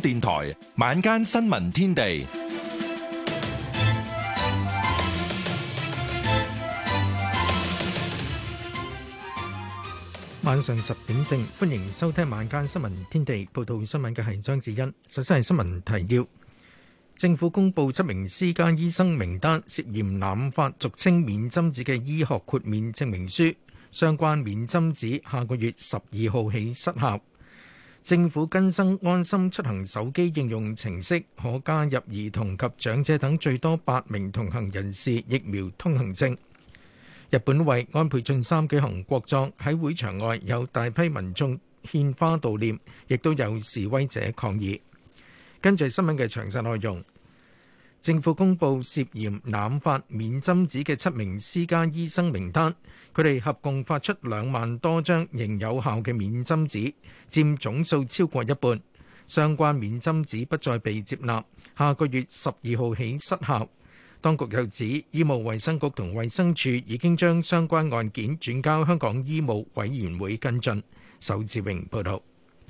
電台晚間新聞天地，晚上十點正，歡迎收聽晚間新聞天地。報道新聞嘅係張子欣，首先係新聞提要：政府公布七名私家醫生名單，涉嫌濫發俗稱免針紙嘅醫學豁免證明書，相關免針紙下個月十二號起失效。政府更新安心出行手機應用程式，可加入兒童及長者等最多八名同行人士疫苗通行證。日本為安倍晉三舉行國葬，喺會場外有大批民眾獻花悼念，亦都有示威者抗議。跟住新聞嘅詳細內容。政府公布涉嫌濫發免針紙嘅七名私家醫生名單，佢哋合共發出兩萬多張仍有效嘅免針紙，佔總數超過一半。相關免針紙不再被接納，下個月十二號起失效。當局又指，醫務衛生局同衛生署已經將相關案件轉交香港醫務委員會跟進。仇志榮報道。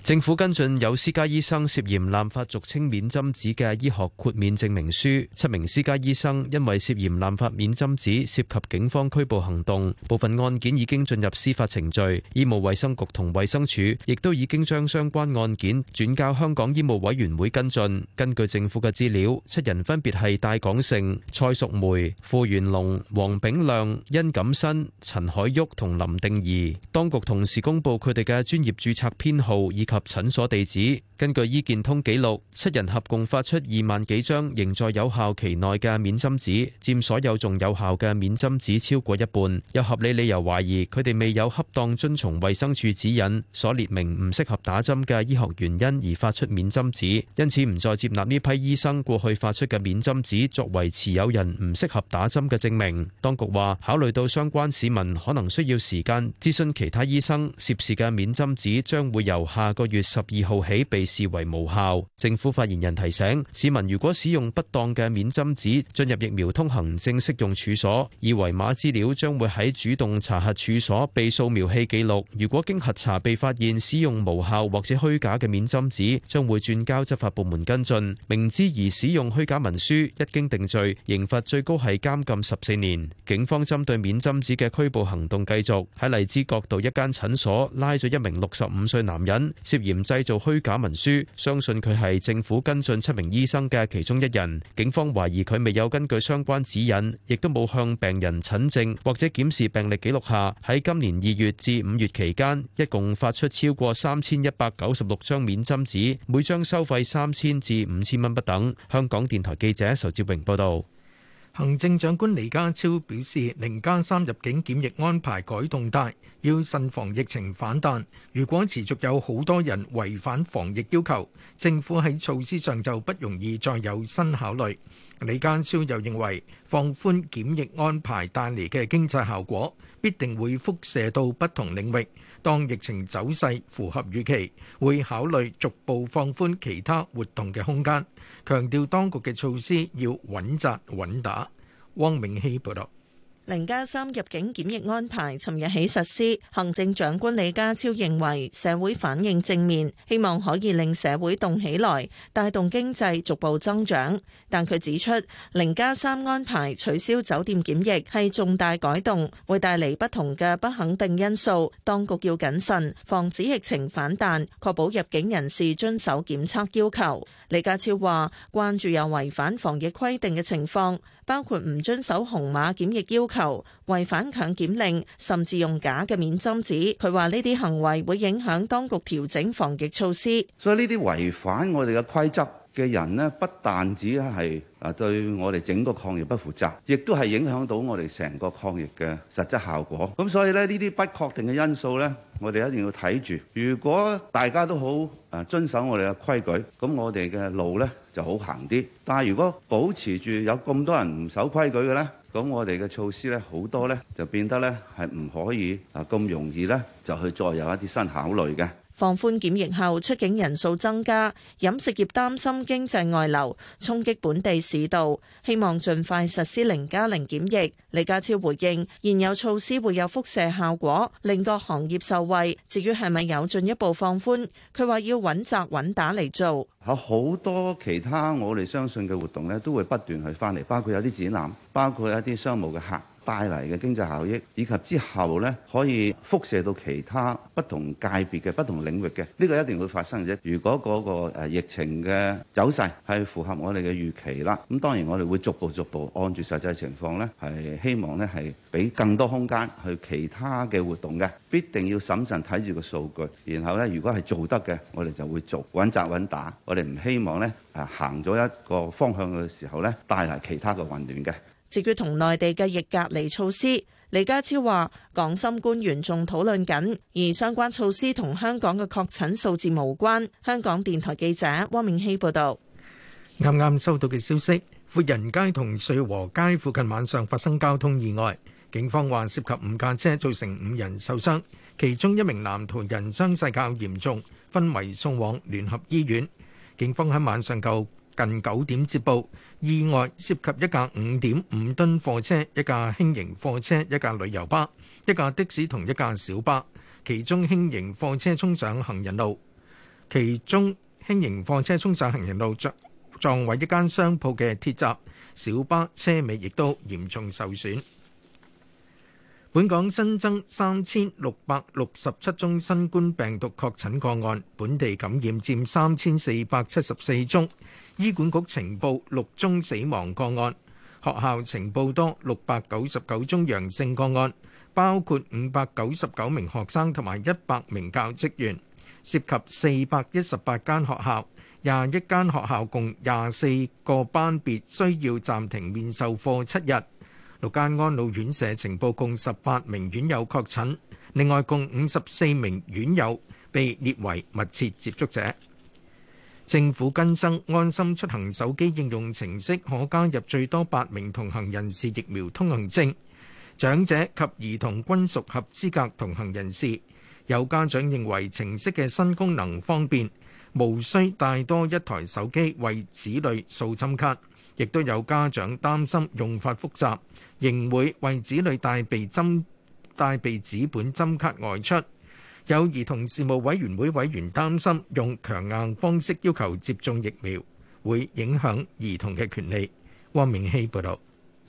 政府跟進有私家醫生涉嫌濫發俗稱免針紙嘅醫學豁免證明書，七名私家醫生因為涉嫌濫發免針紙，涉及警方拘捕行動，部分案件已經進入司法程序。醫務衛生局同衛生署亦都已經將相關案件轉交香港醫務委員會跟進。根據政府嘅資料，七人分別係戴廣盛、蔡淑梅、傅元龍、黃炳亮、殷錦申、陳海旭同林定儀。當局同時公布佢哋嘅專業註冊編號及診所地址，根據醫健通記錄，七人合共發出二萬幾張仍在有效期內嘅免針紙，佔所有仲有效嘅免針紙超過一半。有合理理由懷疑佢哋未有恰當遵從衛生署指引所列明唔適合打針嘅醫學原因而發出免針紙，因此唔再接納呢批醫生過去發出嘅免針紙作為持有人唔適合打針嘅證明。當局話，考慮到相關市民可能需要時間諮詢其他醫生，涉事嘅免針紙將會由下。個月十二號起被視為無效。政府發言人提醒市民，如果使用不當嘅免針紙進入疫苗通行證適用處所，二維碼資料將會喺主動查核處所被掃描器記錄。如果經核查被發現使用無效或者虛假嘅免針紙，將會轉交執法部門跟進。明知而使用虛假文書，一經定罪，刑罰最高係監禁十四年。警方針對免針紙嘅拘捕行動繼續喺荔枝角道一間診所拉咗一名六十五歲男人。涉嫌製造虛假文書，相信佢係政府跟進七名醫生嘅其中一人。警方懷疑佢未有根據相關指引，亦都冇向病人診症或者檢視病歷記錄下，喺今年二月至五月期間，一共發出超過三千一百九十六張免針紙，每張收費三千至五千蚊不等。香港電台記者仇志榮報道。行政長官李家超表示，零加三當疫情走勢符合預期，會考慮逐步放寬其他活動嘅空間。強調當局嘅措施要穩紮穩打。汪明希報道。零加三入境檢疫安排，尋日起實施。行政長官李家超認為社會反應正面，希望可以令社會動起來，帶動經濟逐步增長，但佢指出，零加三安排取消酒店檢疫係重大改動，會帶嚟不同嘅不肯定因素。當局要謹慎，防止疫情反彈，確保入境人士遵守檢測要求。李家超話：關注有違反防疫規定嘅情況。包括唔遵守紅碼檢疫要求、違反強檢令，甚至用假嘅免針紙。佢話呢啲行為會影響當局調整防疫措施。所以呢啲違反我哋嘅規則嘅人呢，不但止係啊對我哋整個抗疫不負責，亦都係影響到我哋成個抗疫嘅實質效果。咁所以呢，呢啲不確定嘅因素呢，我哋一定要睇住。如果大家都好啊遵守我哋嘅規矩，咁我哋嘅路呢就好行啲。但係如果保持住有咁多人唔守規矩嘅呢，咁我哋嘅措施呢，好多呢就變得呢係唔可以啊咁容易呢，就去再有一啲新考慮嘅。放寬檢疫後，出境人數增加，飲食業擔心經濟外流衝擊本地市道，希望盡快實施零加零檢疫。李家超回應：現有措施會有輻射效果，令各行業受惠。至於係咪有進一步放寬，佢話要穩紮穩打嚟做。好多其他我哋相信嘅活動咧，都會不斷去翻嚟，包括有啲展覽，包括一啲商務嘅客。帶嚟嘅經濟效益，以及之後呢可以輻射到其他不同界別嘅不同領域嘅，呢、這個一定會發生嘅。如果嗰個疫情嘅走勢係符合我哋嘅預期啦，咁當然我哋會逐步逐步按住實際情況呢，係希望呢係俾更多空間去其他嘅活動嘅。必定要審慎睇住個數據，然後呢，如果係做得嘅，我哋就會做穩紮穩打。我哋唔希望呢誒、啊、行咗一個方向嘅時候呢，帶嚟其他嘅混亂嘅。至於同內地嘅疫隔離措施，李家超話：港深官員仲討論緊，而相關措施同香港嘅確診數字無關。香港電台記者汪明希報導。啱啱收到嘅消息，輔仁街同瑞和街附近晚上發生交通意外，警方話涉及五架車，造成五人受傷，其中一名男途人傷勢較嚴重，昏迷送往聯合醫院。警方喺晚上救近九點接報，意外涉及一架五點五噸貨車、一架輕型貨車、一架旅遊巴、一架的士同一架小巴，其中輕型貨車衝上行人路，其中輕型貨車衝上行人路撞撞毀一間商鋪嘅鐵閘，小巴車尾亦都嚴重受損。本港新增三千六百六十七宗新冠病毒確診個案，本地感染佔三千四百七十四宗。醫管局呈報六宗死亡個案，學校呈報多六百九十九宗陽性個案，包括五百九十九名學生同埋一百名教職員，涉及四百一十八間學校，廿一間學校共廿四個班別需要暫停面授課七日。六間安老院舍呈報共十八名院友確診，另外共五十四名院友被列為密切接觸者。政府更新安心出行手機應用程式，可加入最多八名同行人士疫苗通行證。長者及兒童均屬合資格同行人士。有家長認為程式嘅新功能方便，無需帶多一台手機為子女掃針卡。亦都有家長擔心用法複雜，仍會為子女帶備針帶備紙本針卡外出。有兒童事務委員會委員擔心用強硬方式要求接種疫苗，會影響兒童嘅權利。汪明希報道。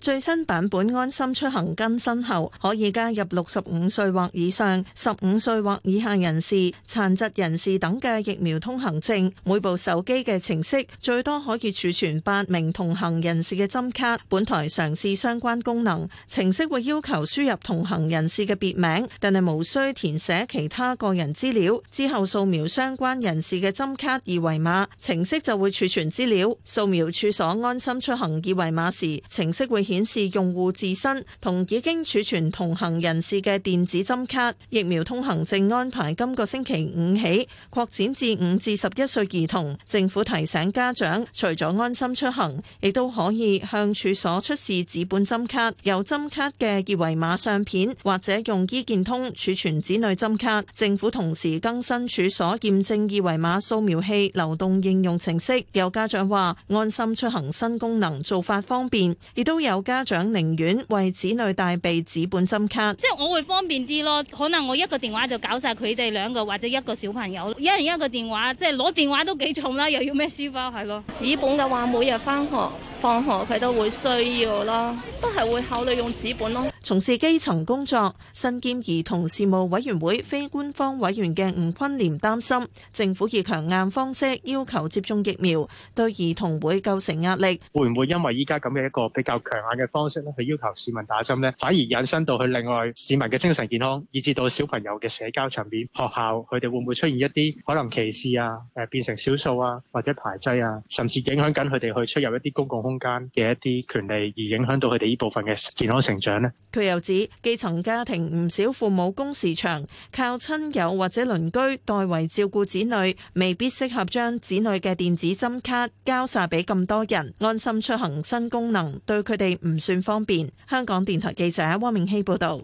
最新版本安心出行更新後，可以加入六十五歲或以上、十五歲或以下人士、殘疾人士等嘅疫苗通行證。每部手機嘅程式最多可以儲存八名同行人士嘅針卡。本台嘗試相關功能，程式會要求輸入同行人士嘅別名，但係無需填寫其他個人資料。之後掃描相關人士嘅針卡二維碼，程式就會儲存資料。掃描處所安心出行二維碼時，程式會顯示用戶自身同已經儲存同行人士嘅電子針卡疫苗通行證安排，今個星期五起擴展至五至十一歲兒童。政府提醒家長，除咗安心出行，亦都可以向處所出示紙本針卡、有針卡嘅二維碼相片或者用醫健通儲存子女針卡。政府同時更新處所驗證二維碼掃描器、流動應用程式。有家長話：安心出行新功能做法方便，亦都有。家長寧願為子女帶備紙本針卡，即係我會方便啲咯。可能我一個電話就搞晒佢哋兩個或者一個小朋友一人一個電話，即係攞電話都幾重啦，又要孭書包係咯。紙本嘅話，每日返學。放學佢都會需要啦，都係會考慮用紙本咯。從事基層工作、身兼兒童事務委員會非官方委員嘅吳坤廉擔心，政府以強硬方式要求接種疫苗，對兒童會構成壓力。會唔會因為依家咁嘅一個比較強硬嘅方式去要求市民打針呢？反而引申到去另外市民嘅精神健康，以至到小朋友嘅社交層面、學校佢哋會唔會出現一啲可能歧視啊、誒變成少數啊或者排擠啊，甚至影響緊佢哋去出入一啲公共空間嘅一啲權利，而影響到佢哋呢部分嘅健康成長呢。佢又指，基層家庭唔少父母工時長，靠親友或者鄰居代為照顧子女，未必適合將子女嘅電子針卡交晒俾咁多人安心出行新功能，對佢哋唔算方便。香港電台記者汪明熙報道。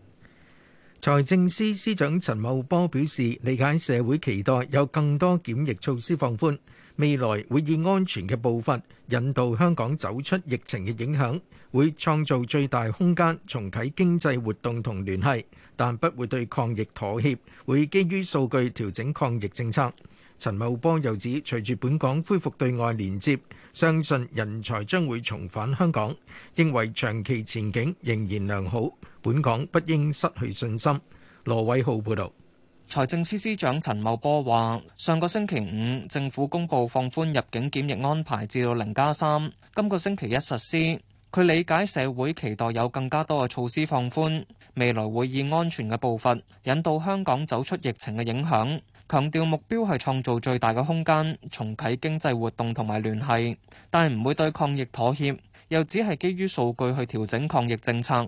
財政司司長陳茂波表示，理解社會期待有更多檢疫措施放寬。未來會以安全嘅步伐引導香港走出疫情嘅影響。財政司司長陳茂波話：上個星期五，政府公布放寬入境檢疫安排，至到零加三，3，今個星期一實施。佢理解社會期待有更加多嘅措施放寬，未來會以安全嘅步伐引導香港走出疫情嘅影響。強調目標係創造最大嘅空間，重啟經濟活動同埋聯繫，但唔會對抗疫妥協，又只係基於數據去調整抗疫政策。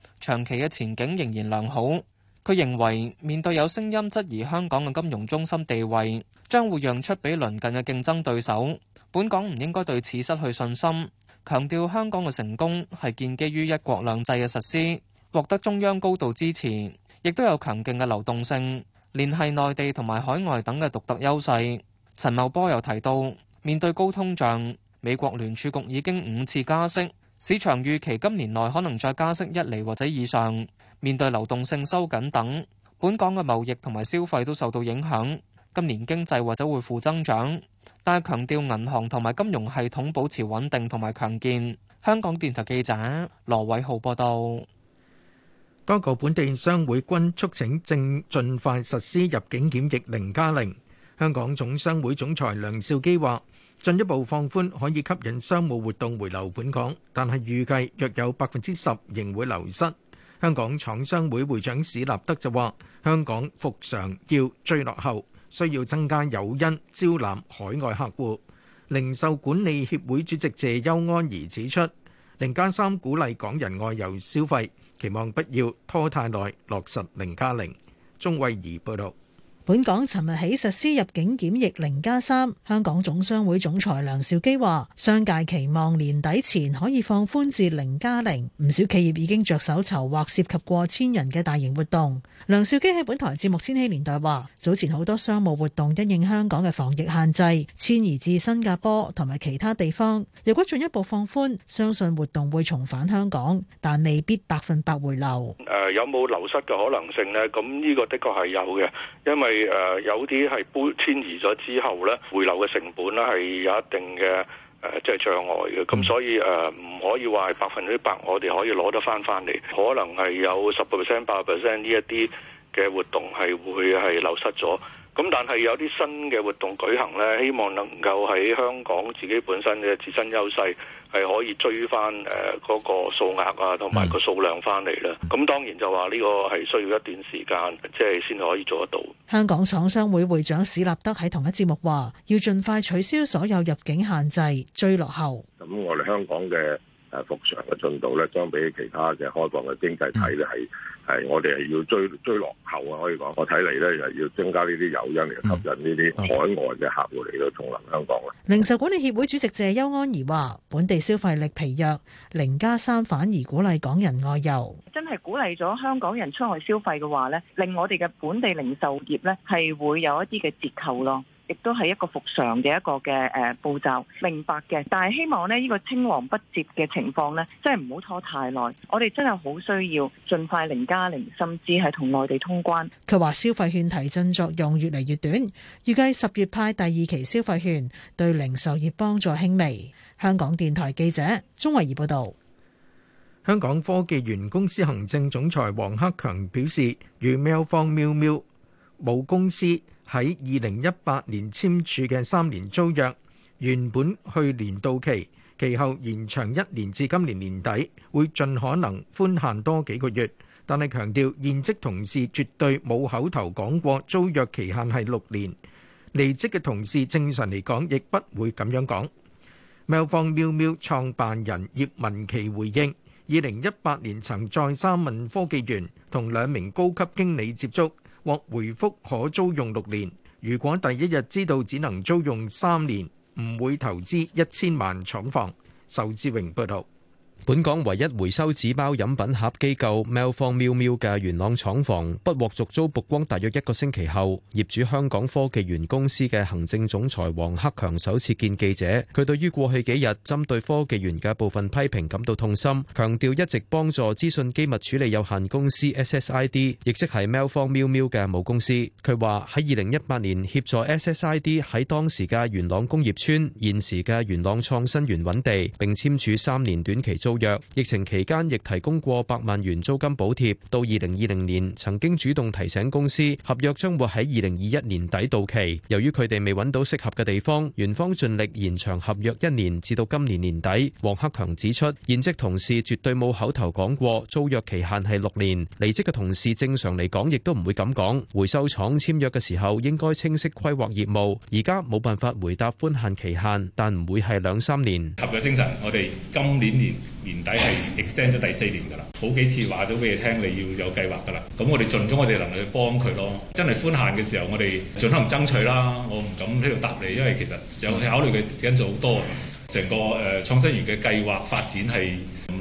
長期嘅前景仍然良好。佢認為面對有聲音質疑香港嘅金融中心地位，將會讓出比鄰近嘅競爭對手，本港唔應該對此失去信心。強調香港嘅成功係建基於一國兩制嘅實施，獲得中央高度支持，亦都有強勁嘅流動性，聯繫內地同埋海外等嘅獨特優勢。陳茂波又提到，面對高通脹，美國聯儲局已經五次加息。市場預期今年內可能再加息一厘或者以上，面對流動性收緊等，本港嘅貿易同埋消費都受到影響。今年經濟或者會負增長，但係強調銀行同埋金融系統保持穩定同埋強健。香港電台記者羅偉浩報道。多個本地商會均促請正盡快實施入境檢疫零加零。香港總商會總裁梁兆基話。進一步放寬可以吸引商務活動回流本港，但係預計約有百分之十仍會流失。香港廠商會會長史立德就話：香港復常要追落後，需要增加誘因招攬海外客戶。零售管理協會主席謝邱安儀指出，零加三鼓勵港人外遊消費，期望不要拖太耐落實零加零。鐘慧怡報導。本港尋日起實施入境檢疫零加三，香港總商會總裁梁兆基話：商界期望年底前可以放寬至零加零，唔少企業已經着手籌劃涉及過千人嘅大型活動。梁兆基喺本台節目《千禧年代》話：早前好多商務活動因應香港嘅防疫限制，遷移至新加坡同埋其他地方。如果進一步放寬，相信活動會重返香港，但未必百分百回流。誒，有冇流失嘅可能性呢？咁呢個的確係有嘅，因為誒，有啲係搬遷移咗之後咧，回流嘅成本咧係有一定嘅。誒，即、呃、係、就是、障礙嘅。咁所以誒，唔、呃、可以話百分之百我哋可以攞得翻翻嚟，可能係有十 percent、八 percent 呢一啲。嘅活動係會係流失咗，咁但係有啲新嘅活動舉行咧，希望能夠喺香港自己本身嘅自身優勢係可以追翻誒嗰個數額啊，同埋個數量翻嚟啦。咁當然就話呢個係需要一段時間，即係先可以做得到。香港廠商會會長史立德喺同一節目話，要盡快取消所有入境限制，追落後。咁我哋香港嘅。誒、啊、復常嘅進度咧，相比其他嘅開放嘅經濟體咧，係係我哋係要追追落後啊！可以講，我睇嚟咧，又要增加呢啲誘因嚟吸引呢啲海外嘅客戶嚟到重臨香港啊！嗯嗯嗯、零售管理協會主席謝邱安儀話：本地消費力疲弱，零加三反而鼓勵港人外遊。真係鼓勵咗香港人出外消費嘅話咧，令我哋嘅本地零售業咧係會有一啲嘅折扣咯。亦都係一個復常嘅一個嘅誒步驟，明白嘅。但係希望咧，呢個青黃不接嘅情況呢，真係唔好拖太耐。我哋真係好需要盡快零加零，甚至係同內地通關。佢話消費券提振作用越嚟越短，預計十月派第二期消費券對零售業幫助輕微。香港電台記者鍾慧儀報道。香港科技園公司行政總裁黃克強表示：如喵方喵喵。冇公司喺二零一八年簽署嘅三年租約，原本去年到期，其後延長一年至今年年底，會盡可能寬限多幾個月。但係強調現職同事絕對冇口頭講過租約期限係六年，離職嘅同事正常嚟講亦不會咁樣講。妙方妙妙創辦人葉文琪回應：二零一八年曾再三問科技員同兩名高級經理接觸。獲回覆可租用六年，如果第一日知道只能租用三年，唔會投資一千萬廠房。仇志榮報道。。本港唯一回收紙包飲品盒機構 Mil Mill 喵坊租約疫情期間亦提供過百萬元租金補貼，到二零二零年曾經主動提醒公司合約將會喺二零二一年底到期。由於佢哋未揾到適合嘅地方，元方盡力延長合約一年至到今年年底。黃克強指出，現職同事絕對冇口頭講過租約期限係六年，離職嘅同事正常嚟講亦都唔會咁講。回收廠簽約嘅時候應該清晰規劃業務，而家冇辦法回答寬限期限，但唔會係兩三年。合約精神，我哋今年年。年底係 extend 咗第四年㗎啦，好幾次話咗俾你聽，你要有計劃㗎啦。咁我哋盡咗我哋能力去幫佢咯。真係寬限嘅時候，我哋盡可能爭取啦。我唔敢呢度答你，因為其實有考慮嘅因素好多，成個誒、呃、創新園嘅計劃發展係。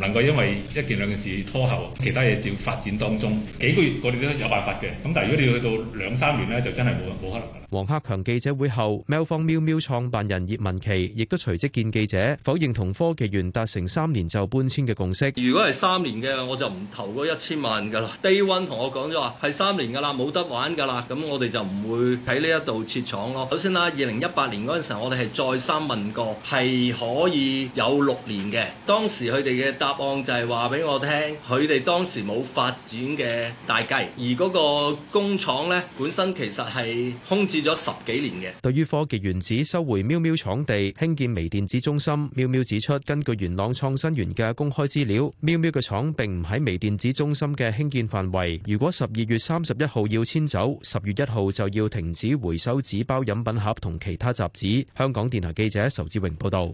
能夠因為一件兩件事拖後，其他嘢照發展，當中幾個月，我哋都有辦法嘅。咁但係如果你去到兩三年呢，就真係冇冇可能噶啦。黃克強記者會後，Mel 方喵喵創辦人葉文琪亦都隨即見記者，否認同科技園達成三年就搬遷嘅共識。如果係三年嘅，我就唔投嗰一千萬㗎啦。Day One 同我講咗話係三年㗎啦，冇得玩㗎啦。咁我哋就唔會喺呢一度設廠咯。首先啦，二零一八年嗰陣時候，我哋係再三問過，係可以有六年嘅。當時佢哋嘅答案就係話俾我聽，佢哋當時冇發展嘅大計，而嗰個工廠呢，本身其實係空置咗十幾年嘅。對於科技園收回喵喵喵廠地興建微電子中心，喵喵指出，根據元朗創新園嘅公開資料，喵喵嘅廠並唔喺微電子中心嘅興建範圍。如果十二月三十一號要遷走，十月一號就要停止回收紙包飲品盒同其他雜紙。香港電台記者仇志榮報道。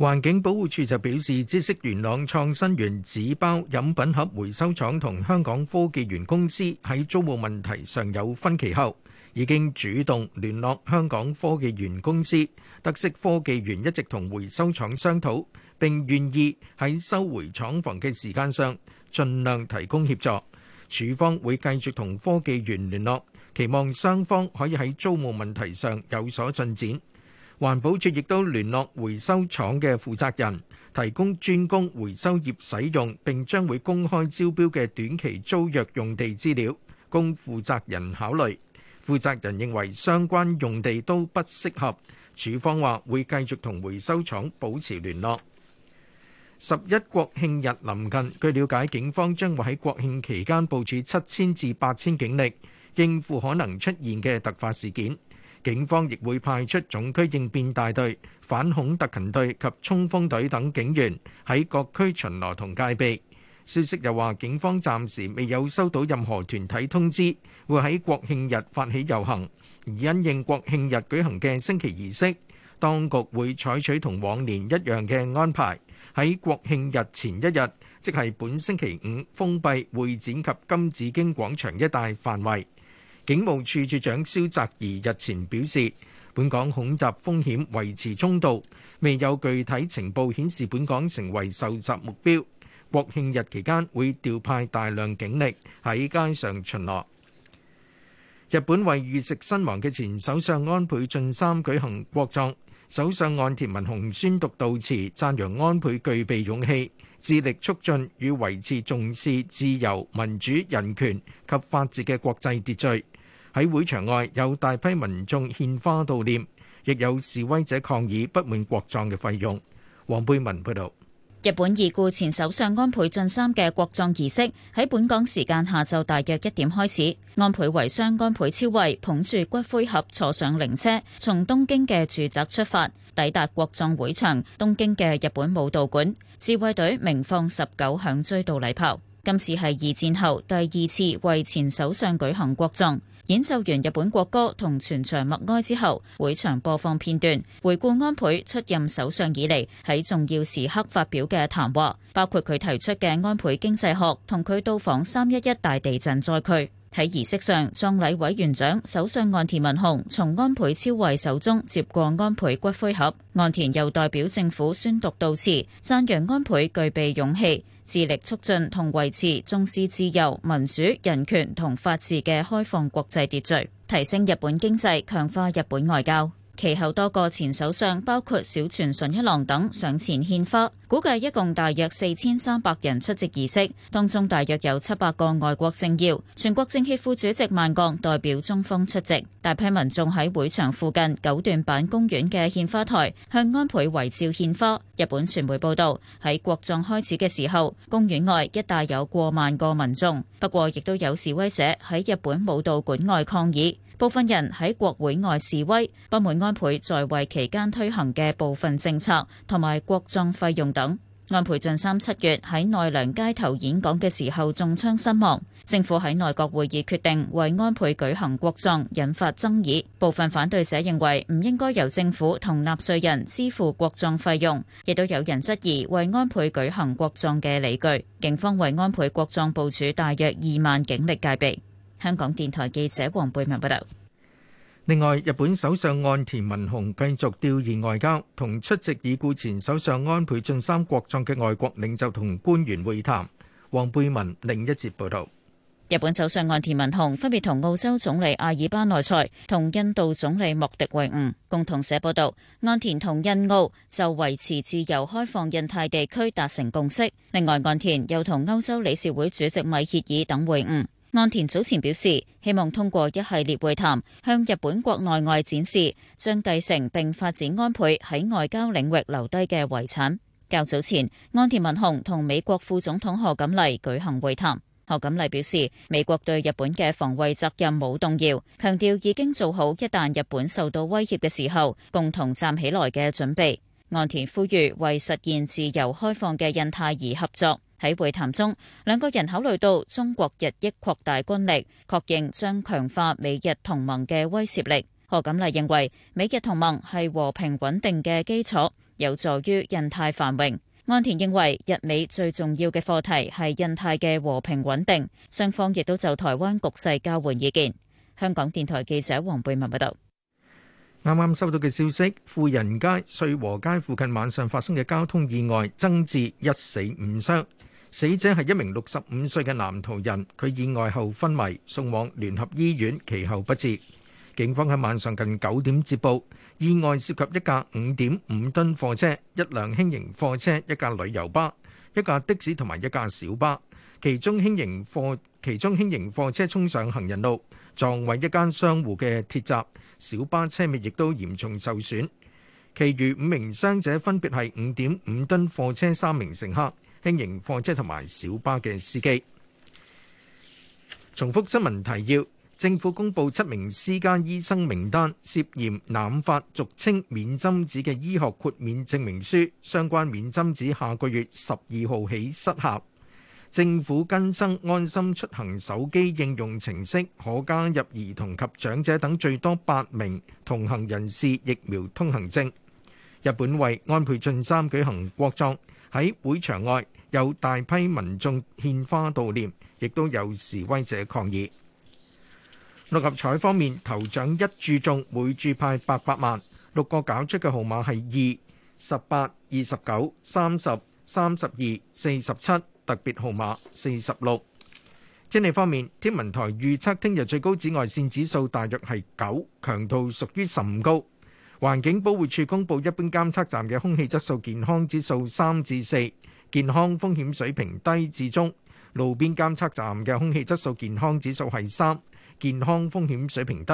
環境保護署就表示，得悉元朗創新園紙包飲品盒回收廠同香港科技園公司喺租務問題上有分歧後，已經主動聯絡香港科技園公司，得悉科技園一直同回收廠商討，並願意喺收回廠房嘅時間上盡量提供協助。署方會繼續同科技園聯絡，期望雙方可以喺租務問題上有所進展。環保署亦都聯絡回收廠嘅負責人，提供專供回收業使用並將會公開招標嘅短期租約用地資料，供負責人考慮。負責人認為相關用地都不適合。署方話會繼續同回收廠保持聯絡。十一國慶日臨近，據了解，警方將會喺國慶期間部署七千至八千警力，應付可能出現嘅突發事件。警方亦會派出總區應變大隊、反恐特勤隊及衝鋒隊等警員喺各區巡邏同戒備。消息又話，警方暫時未有收到任何團體通知會喺國慶日發起遊行，而因應國慶日舉行嘅升旗儀式，當局會採取同往年一樣嘅安排，喺國慶日前一日，即係本星期五，封閉會展及金紫荊廣場一帶範圍。警務處處長蕭澤頤日前表示，本港恐襲風險維持中度，未有具體情報顯示本港成為受襲目標。國慶日期間會調派大量警力喺街上巡邏。日本為遇襲身亡嘅前首相安倍晉三舉行國葬，首相岸田文雄宣讀悼詞，讚揚安倍具備勇氣，致力促進與維持重視自由、民主、人權及法治嘅國際秩序。喺會場外有大批民眾獻花悼念，亦有示威者抗議不滿國葬嘅費用。黃貝文報導，日本已故前首相安倍晉三嘅國葬儀式喺本港時間下晝大約一點開始。安倍遺孀安倍昭惠捧住骨灰盒坐上靈車，從東京嘅住宅出發，抵達國葬會場東京嘅日本武道館。自衞隊鳴放十九響追悼禮炮。今次係二戰後第二次為前首相舉行國葬。演奏完日本國歌同全場默哀之後，會場播放片段回顧安倍出任首相以嚟喺重要時刻發表嘅談話，包括佢提出嘅安倍經濟學同佢到訪三一一大地震災區。喺儀式上，葬禮委員長首相岸田文雄從安倍昭惠手中接過安倍骨灰盒，岸田又代表政府宣讀悼詞，讚揚安倍具備勇氣，致力促進同維持重視自由、民主、人權同法治嘅開放國際秩序，提升日本經濟，強化日本外交。其後多個前首相，包括小泉純一郎等，上前獻花。估計一共大約四千三百人出席儀式，當中大約有七百個外國政要。全國政協副主席萬鋼代表中方出席。大批民眾喺會場附近九段坂公園嘅獻花台向安倍遺照獻花。日本傳媒報道喺國葬開始嘅時候，公園外一帶有過萬個民眾，不過亦都有示威者喺日本武道館外抗議。部分人喺國會外示威，不滿安倍在位期間推行嘅部分政策同埋國葬費用等。安倍晉三七月喺奈良街頭演講嘅時候中槍身亡，政府喺內閣會議決定為安倍舉行國葬，引發爭議。部分反對者認為唔應該由政府同納稅人支付國葬費用，亦都有人質疑為安倍舉行國葬嘅理據。警方為安倍國葬部署大約二萬警力戒備。香港電台記者黃貝文報道。另外，日本首相岸田文雄繼續弔唁外交，同出席已故前首相安倍晉三國葬嘅外國領袖同官員會談。黃貝文另一節報道。日本首相岸田文雄分別同澳洲總理阿爾巴內塞同印度總理莫迪會晤。共同社報道，岸田同印澳就維持自由開放印太地區達成共識。另外，岸田又同歐洲理事會主席米歇爾等會晤。岸田早前表示，希望通過一系列會談向日本國內外展示將繼承並發展安倍喺外交領域留低嘅遺產。較早前，岸田文雄同美國副總統賀錦麗舉行會談，賀錦麗表示美國對日本嘅防衛責任冇動搖，強調已經做好一旦日本受到威脅嘅時候共同站起來嘅準備。岸田呼籲為實現自由開放嘅印太而合作。喺會談中，兩個人考慮到中國日益擴大軍力，確認將強化美日同盟嘅威懾力。何錦麗認為，美日同盟係和平穩定嘅基礎，有助於印太繁榮。岸田認為，日美最重要嘅課題係印太嘅和平穩定。雙方亦都就台灣局勢交換意見。香港電台記者黃貝文報道。啱啱收到嘅消息，富人街、瑞和街附近晚上發生嘅交通意外，增至一死五傷。死者係一名六十五歲嘅男途人，佢意外後昏迷，送往聯合醫院，其後不治。警方喺晚上近九點接報，意外涉及一架五點五噸貨車、一輛輕型貨車、一架旅遊巴、一架的士同埋一架小巴，其中輕型貨其中輕型貨車衝上行人路，撞毀一間商戶嘅鐵閘，小巴車尾亦都嚴重受損。其餘五名傷者分別係五點五噸貨車三名乘客。輕型貨車同埋小巴嘅司機。重複新聞提要：政府公布七名私家醫生名單，涉嫌濫發俗稱免針紙嘅醫學豁免證明書，相關免針紙下個月十二號起失效。政府更新安心出行手機應用程式，可加入兒童及長者等最多八名同行人士疫苗通行證。日本為安倍晉三舉行國葬。喺會場外有大批民眾獻花悼念，亦都有示威者抗議。六合彩方面，頭獎一注中，每注派八百萬。六個搞出嘅號碼係二、十八、二十九、三十、三十二、四十七，特別號碼四十六。天氣方面，天文台預測聽日最高紫外線指數大約係九，強度屬於甚高。環境保護署公布一般監測站嘅空氣質素健康指數三至四，健康風險水平低至中。路邊監測站嘅空氣質素健康指數係三，健康風險水平低。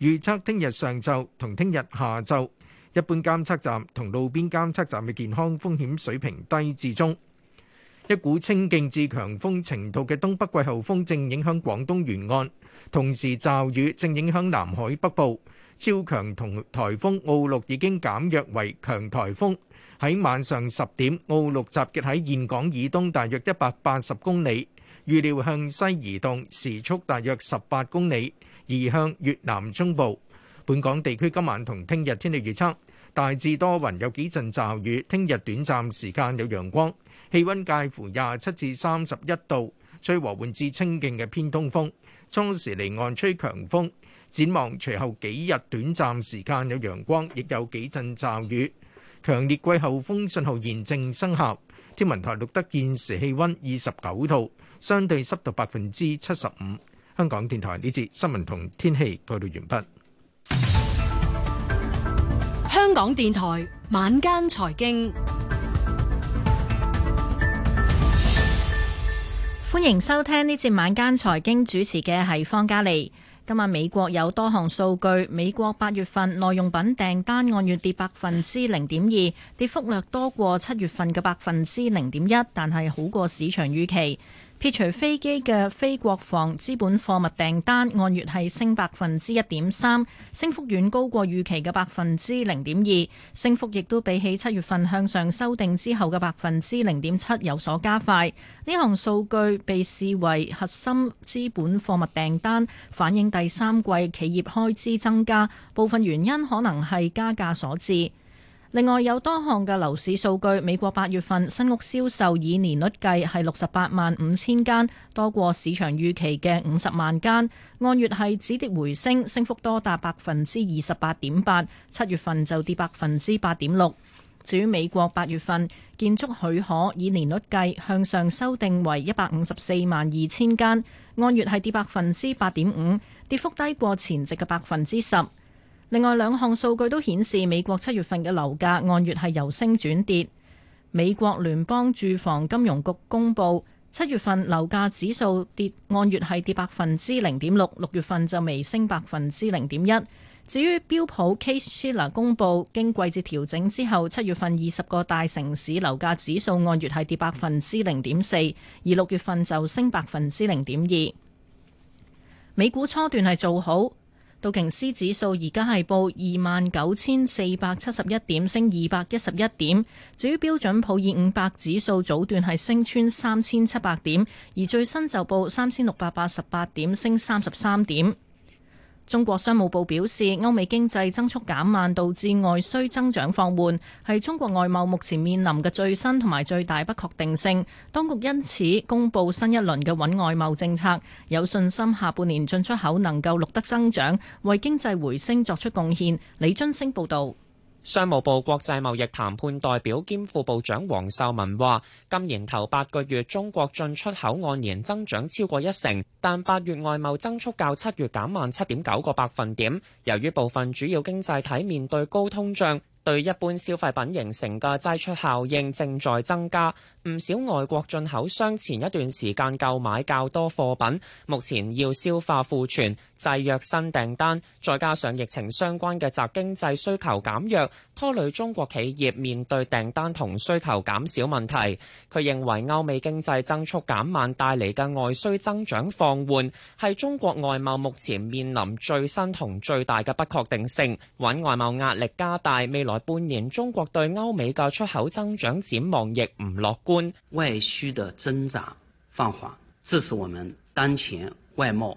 預測聽日上晝同聽日下晝，一般監測站同路邊監測站嘅健康風險水平低至中。一股清勁至強風程度嘅東北季候風正影響廣東沿岸。同時，驟雨正影響南海北部。超強同颱風奧陸已經減弱為強颱風。喺晚上十點，奧陸集結喺現港以東大約一百八十公里，預料向西移動，時速大約十八公里，移向越南中部。本港地區今晚同聽日天氣預測，大致多雲，有幾陣驟雨。聽日短暫時間有陽光，氣温介乎廿七至三十一度，吹和緩至清勁嘅偏東風。初時離岸吹強風，展望隨後幾日短暫時間有陽光，亦有幾陣驟雨。強烈季候風信號現正生效。天文台錄得現時氣溫二十九度，相對濕度百分之七十五。香港電台呢節新聞同天氣報道完畢。香港電台晚間財經。歡迎收聽呢節晚間財經，主持嘅係方嘉利。今晚美國有多項數據，美國八月份耐用品訂單按月跌百分之零點二，跌幅略多過七月份嘅百分之零點一，但係好過市場預期。撇除飛機嘅非國防資本貨物訂單按月係升百分之一點三，升幅遠高過預期嘅百分之零點二，升幅亦都比起七月份向上修訂之後嘅百分之零點七有所加快。呢項數據被視為核心資本貨物訂單，反映第三季企業開支增加，部分原因可能係加價所致。另外有多項嘅樓市數據，美國八月份新屋銷售以年率計係六十八萬五千間，多過市場預期嘅五十萬間，按月係止跌回升，升幅多達百分之二十八點八，七月份就跌百分之八點六。至於美國八月份建築許可以年率計向上修訂為一百五十四萬二千間，按月係跌百分之八點五，跌幅低過前值嘅百分之十。另外兩項數據都顯示，美國七月份嘅樓價按月係由升轉跌。美國聯邦住房金融局公布，七月份樓價指數跌，按月係跌百分之零點六，六月份就微升百分之零點一。至於標普 Case-Shiller 公布，經季節調整之後，七月份二十個大城市樓價指數按月係跌百分之零點四，而六月份就升百分之零點二。美股初段係做好。道瓊斯指數而家係報二萬九千四百七十一點，升二百一十一點，至於標準普爾五百指數早段係升穿三千七百點，而最新就報三千六百八十八點，升三十三點。中國商務部表示，歐美經濟增速減慢導致外需增長放緩，係中國外貿目前面臨嘅最新同埋最大不確定性。當局因此公布新一輪嘅穩外貿政策，有信心下半年進出口能夠錄得增長，為經濟回升作出貢獻。李津星報道。商務部國際貿易談判代表兼副部長王受文話：今年頭八個月，中國進出口按年增長超過一成，但八月外貿增速較七月減慢七點九個百分點。由於部分主要經濟體面對高通脹，對一般消費品形成嘅擠出效應正在增加，唔少外國進口商前一段時間購買較多貨品，目前要消化庫存。制約新訂單，再加上疫情相關嘅集經濟需求減弱，拖累中國企業面對訂單同需求減少問題。佢認為歐美經濟增速減慢帶嚟嘅外需增長放緩，係中國外貿目前面臨最新同最大嘅不確定性，穩外貿壓力加大。未來半年，中國對歐美嘅出口增長展望亦唔樂觀，外需的增長放緩，致使我們當前外貿。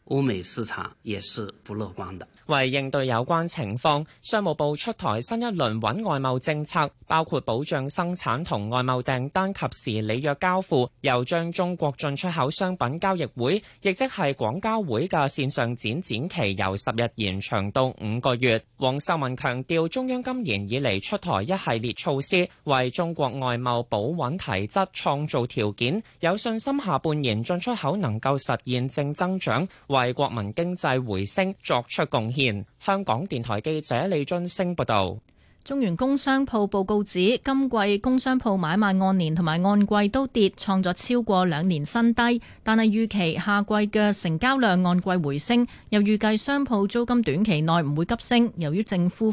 歐美市場也是不樂觀的。為應對有關情況，商務部出台新一輪穩外貿政策，包括保障生產同外貿訂單及時履約交付，又將中國進出口商品交易會，亦即係廣交會嘅線上展展期由十日延長到五個月。王受文強調，中央今年以嚟，出台一系列措施，為中國外貿保穩提質創造條件，有信心下半年進出口能夠實現正增長。為國民經濟回升作出貢獻。香港電台記者李津升報道，中原工商鋪報告指，今季工商鋪買賣按年同埋按季都跌，創咗超過兩年新低。但係預期下季嘅成交量按季回升，又預計商鋪租金短期內唔會急升。由於政府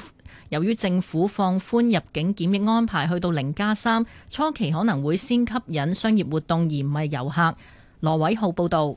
由於政府放寬入境檢疫安排，去到零加三初期可能會先吸引商業活動，而唔係遊客。羅偉浩報道。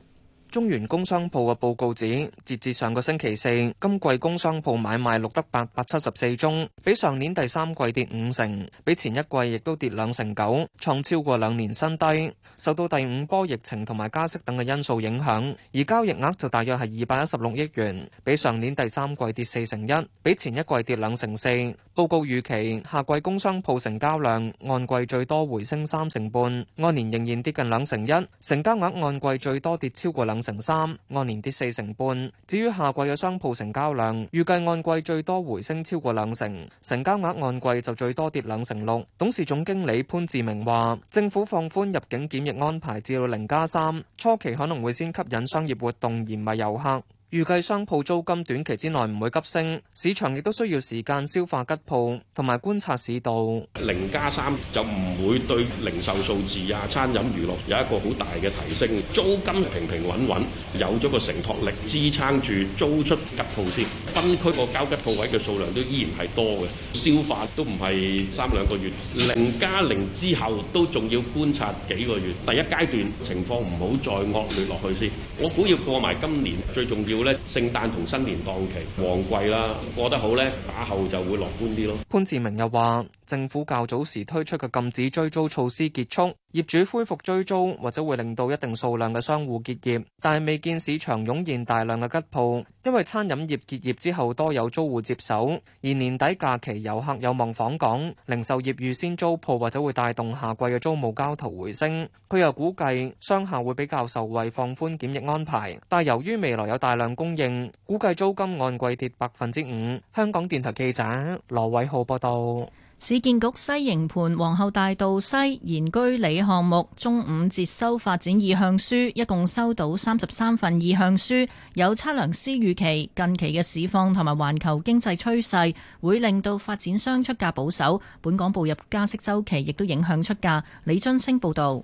中原工商鋪嘅報告指，截至上個星期四，今季工商鋪買賣錄得八百七十四宗，比上年第三季跌五成，比前一季亦都跌兩成九，創超過兩年新低。受到第五波疫情同埋加息等嘅因素影響，而交易額就大約係二百一十六億元，比上年第三季跌四成一，比前一季跌兩成四。報告預期下季工商鋪成交量按季最多回升三成半，按年仍然跌近兩成一，成交額按季最多跌超過兩成成三，按年跌四成半。至於下季嘅商鋪成交量，預計按季最多回升超過兩成，成交額按季就最多跌兩成六。董事總經理潘志明話，政府放寬入境檢疫安排至到零加三，初期可能會先吸引商業活動，而唔係遊客。預計商鋪租金短期之內唔會急升，市場亦都需要時間消化吉鋪，同埋觀察市道。零加三就唔會對零售數字啊、餐飲娛樂有一個好大嘅提升。租金平平穩穩，有咗個承托力，支撐住租出吉鋪先。分區個交吉鋪位嘅數量都依然係多嘅，消化都唔係三兩個月。零加零之後都仲要觀察幾個月，第一階段情況唔好再惡劣落去先。我估要過埋今年，最重要。咧聖誕同新年檔期旺季啦，過得好咧，打後就會樂觀啲咯。潘志明又話。政府較早時推出嘅禁止追租措施結束，業主恢復追租或者會令到一定數量嘅商戶結業，但係未見市場湧現大量嘅吉鋪，因為餐飲業結業之後多有租戶接手，而年底假期遊客有望訪港，零售業預先租鋪或者會帶動下季嘅租務交投回升。佢又估計商廈會比較受惠放寬檢疫安排，但由於未來有大量供應，估計租金按季跌百分之五。香港電台記者羅偉浩報道。市建局西營盤皇后大道西賢居里項目中午接收發展意向書，一共收到三十三份意向書。有測量師預期近期嘅市況同埋環球經濟趨勢會令到發展商出價保守。本港步入加息周期，亦都影響出價。李津星報道。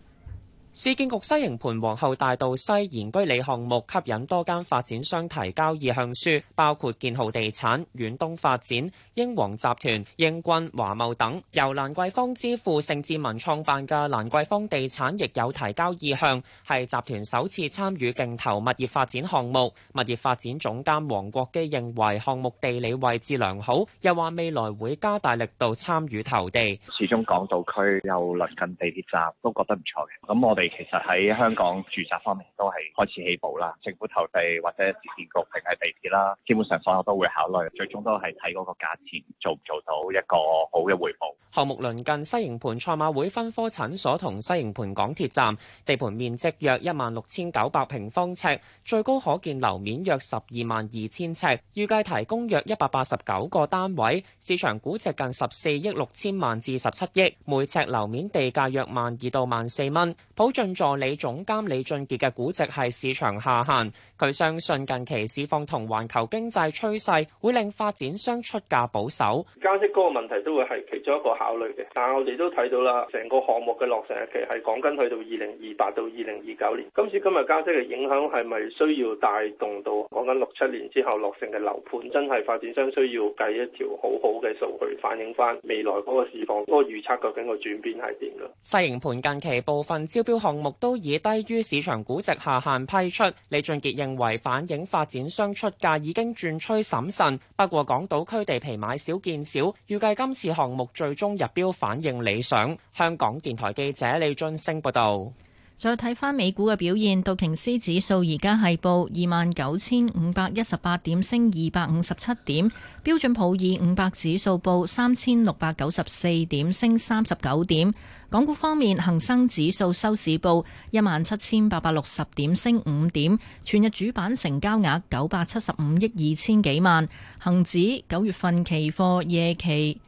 市建局西營盤皇后大道西賢居里項目吸引多間發展商提交意向書，包括建豪地產、遠東發展、英皇集團、鷹君、華懋等。由蘭桂坊之父盛智文創辦嘅蘭桂坊地產亦有提交意向，係集團首次參與競投物業發展項目。物業發展總監黃國基認為項目地理位置良好，又話未來會加大力度參與投地。始終港島區又鄰近地鐵站，都覺得唔錯嘅。咁我哋其實喺香港住宅方面都係開始起步啦，政府投地或者自電建局定係地鐵啦，基本上所有都會考慮，最終都係睇嗰個價錢做唔做到一個好嘅回報。項目鄰近西營盤賽馬會分科診所同西營盤港鐵站，地盤面積約一萬六千九百平方尺，最高可建樓面約十二萬二千尺，預計提供約一百八十九個單位，市場估值近十四億六千萬至十七億，每尺樓面地價約 12, 14, 萬二到萬四蚊，保。助理總監李俊杰嘅估值係市場下限，佢相信近期市況同環球經濟趨勢會令發展商出價保守。加息嗰個問題都會係其中一個考慮嘅，但係我哋都睇到啦，成個項目嘅落成日期係講緊去到二零二八到二零二九年。今次今日加息嘅影響係咪需要帶動到講緊六七年之後落成嘅樓盤，真係發展商需要計一條好好嘅數據反映翻未來嗰個市況，個預測究竟個轉變係點嘅？細營盤近期部分招標。項目都已低於市場估值下限批出。李俊傑認為反映發展商出價已經轉趨審慎，不過港島區地皮買少見少，預計今次項目最終入標反應理想。香港電台記者李俊升報道。再睇翻美股嘅表現，道瓊斯指數而家係報二萬九千五百一十八點，升二百五十七點；標準普爾五百指數報三千六百九十四點，升三十九點。港股方面，恒生指數收市報一萬七千八百六十點，升五點。全日主板成交額九百七十五億二千幾萬。恒指九月份期貨夜期，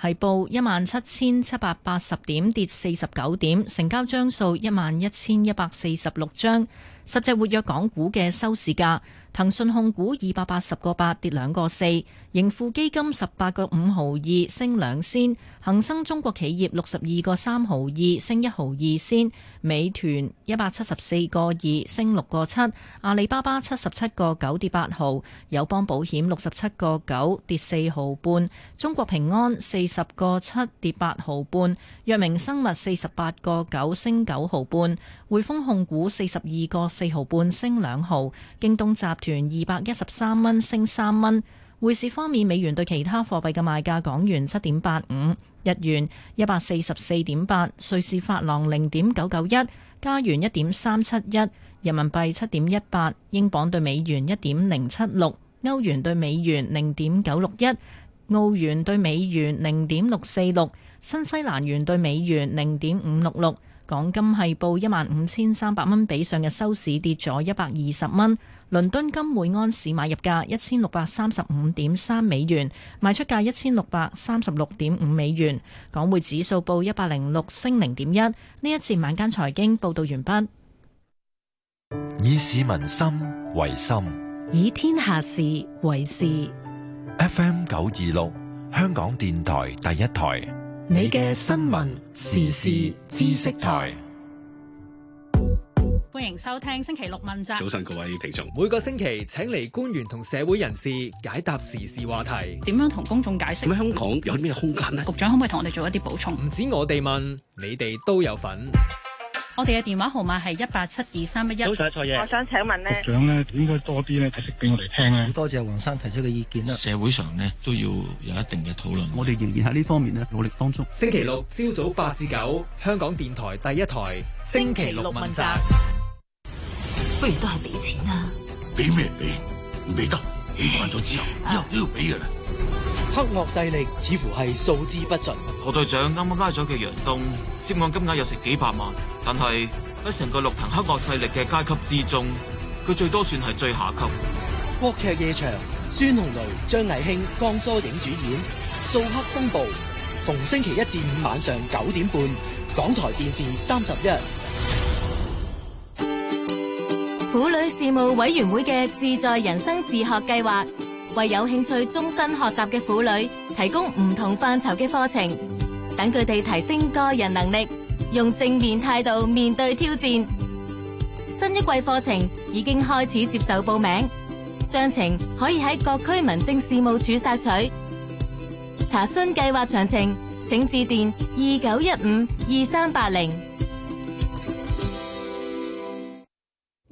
係報一萬七千七百八十點，跌四十九點，成交張數一萬一千一百四十六張，十隻活躍港股嘅收市價，騰訊控股二百八十個八跌兩個四。盈富營 abei 基金十八個五毫二升兩仙，恒生中國企業六十二個三毫二升一毫二仙，美團一百七十四個二升六個七，阿里巴巴七十七個九跌八毫，友邦保險六十七個九跌四毫半，500, 中國平安四十個七跌八毫半，藥明生物四十八個九升九毫半，匯豐控股四十二個四毫半升兩毫，workshops 京東集團二百一十三蚊升三蚊。匯市方面，美元對其他貨幣嘅賣價：港元七點八五，日元一百四十四點八，瑞士法郎零點九九一，加元一點三七一，人民幣七點一八，英鎊對美元一點零七六，歐元對美元零點九六一，澳元對美元零點六四六，新西蘭元對美元零點五六六。港金係報一萬五千三百蚊，比上日收市跌咗一百二十蚊。倫敦金每安士買入價一千六百三十五點三美元，賣出價一千六百三十六點五美元。港匯指數報一百零六升零點一。呢一次晚間財經報道完畢。以市民心為心，以天下事為事。FM 九二六，香港電台第一台，你嘅新聞時事知識台。歡迎收聽星期六問責。早晨各位聽眾，每個星期請嚟官員同社會人士解答時事話題，點樣同公眾解釋？香港有啲咩空間咧？局長可唔可以同我哋做一啲補充？唔止我哋問，你哋都有份。我哋嘅電話號碼係一八七二三一一。我想請問呢，局長咧應該多啲咧解釋俾我哋聽咧。多謝黃生提出嘅意見啦，社會上呢，都要有一定嘅討論。我哋仍然喺呢方面咧努力當中。星期六朝早八至九，香港電台第一台星期六問責。不如都係俾錢啊，俾咩俾？唔俾得，俾完咗之後，日後都要俾噶啦。黑惡勢力似乎係數之不盡。何隊長啱啱拉咗嘅楊東，涉案金額有成幾百萬，但係喺成個六層黑惡勢力嘅階級之中，佢最多算係最下級。國劇夜場，孫紅雷、張藝興、江疏影主演《掃黑風暴》，逢星期一至五晚上九點半，港台電視三十一。婦女事務委員會嘅自在人生自學計劃，為有興趣終身學習嘅婦女提供唔同範疇嘅課程，等佢哋提升個人能力，用正面態度面對挑戰。新一季課程已經開始接受報名，詳情可以喺各區民政事務處索取。查詢計劃詳情，請致電二九一五二三八零。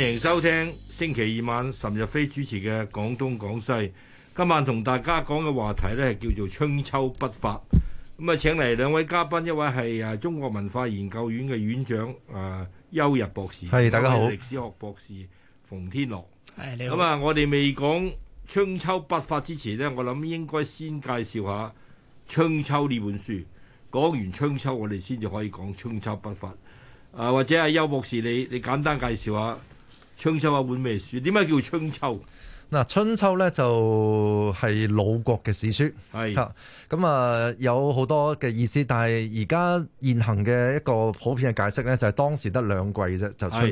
歡迎收聽星期二晚岑日飛主持嘅《廣東廣西》。今晚同大家講嘅話題呢，係叫做《春秋筆法》。咁啊，請嚟兩位嘉賓，一位係啊中國文化研究院嘅院長啊邱、呃、日博士，係，大家好。歷史學博士馮天樂，係，你好。咁、嗯嗯、啊，我哋未講《春秋筆法》之前呢，我諗應該先介紹下《春秋》呢本書。講完《春秋》，我哋先至可以講《春秋筆法》。啊，或者啊，邱博士，你你，你簡單介紹下。春秋啊換咩書，點解叫春秋？嗱，春秋咧就係魯國嘅史書，係吓是，咁啊、嗯，有好多嘅意思，但係而家現行嘅一個普遍嘅解釋咧，就係當時得兩季啫，就春。